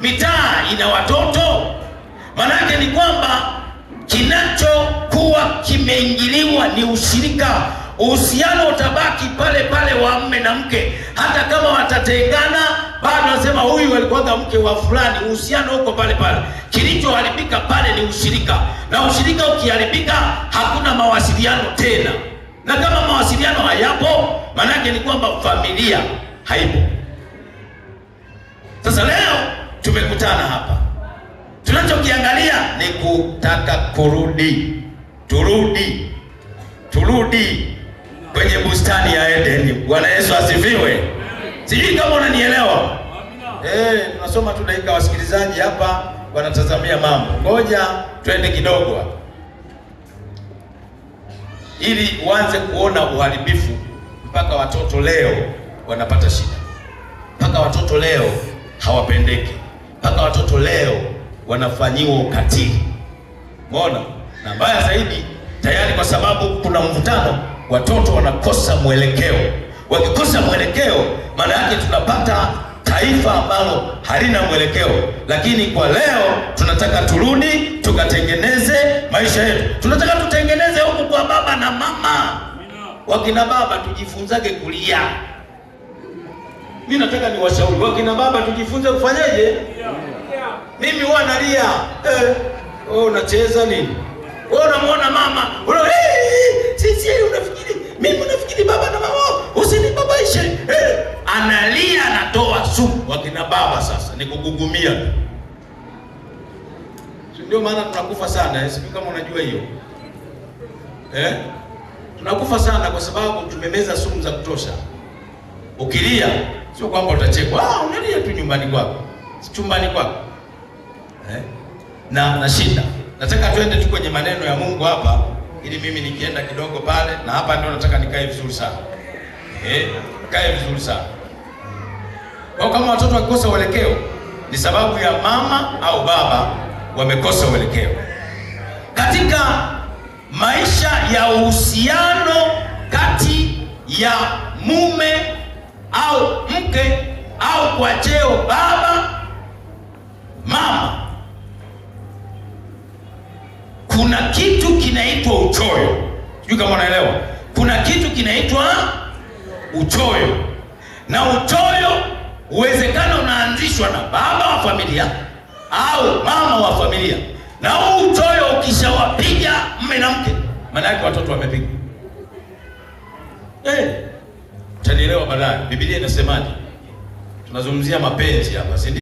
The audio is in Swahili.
mitaa ina watoto? Maanake ni kwamba kinachokuwa kimeingiliwa ni ushirika. Uhusiano utabaki pale pale wa mme na mke, hata kama watatengana, bado nasema huyu alikuwaga mke wa fulani, uhusiano huko pale pale. Kilichoharibika pale ni ushirika, na ushirika ukiharibika, hakuna mawasiliano tena, na kama mawasiliano hayapo, maanake ni kwamba familia haipo. kutaka kurudi, turudi, turudi kwenye bustani ya Edeni. Bwana Yesu asifiwe. Sijui kama unanielewa eh. Tunasoma tu dakika, wasikilizaji hapa wanatazamia mambo. Ngoja twende kidogo ili uanze kuona uharibifu mpaka watoto leo wanapata shida, mpaka watoto leo hawapendeki, mpaka watoto leo wanafanyiwa ukatili. Umeona? Na mbaya zaidi tayari, kwa sababu kuna mvutano, watoto wanakosa mwelekeo. Wakikosa mwelekeo, maana yake tunapata taifa ambalo halina mwelekeo. Lakini kwa leo tunataka turudi tukatengeneze maisha yetu, tunataka tutengeneze huku kwa baba na mama. Wakina baba tujifunzage kulia. Mi nataka ni washauri wakina baba tujifunze kufanyaje? Mimi huwa nalia eh wewe unacheza nini? Wewe unamwona mama una sisi, unafikiri mimi, unafikiri baba na mama oh, usinibabaishe Hey. Analia, anatoa sumu. Wakina baba sasa ni kugugumia, ndio maana tunakufa sana eh? Sijui kama unajua hiyo eh? Tunakufa sana kwa sababu tumemeza sumu za kutosha. Ukilia sio kwamba utachekwa, ah, unalia tu nyumbani kwako, chumbani kwako eh? na nashinda. Nataka twende tu kwenye maneno ya Mungu hapa, ili mimi nikienda kidogo pale, na hapa ndio nataka nikae vizuri sana eh, kae vizuri sana kwa kama watoto wakikosa uelekeo ni sababu ya mama au baba wamekosa uelekeo katika maisha ya uhusiano kati ya mume au mke au kwa cheo baba kuna kitu kinaitwa uchoyo. Sijui kama unaelewa, kuna kitu kinaitwa uchoyo, na uchoyo uwezekano unaanzishwa na baba wa familia au mama wa familia, na huu uchoyo ukishawapiga mme na mke, maana yake watoto wamepiga. Eh, utanielewa baadaye. Biblia inasemaje? Tunazungumzia mapenzi hapa, si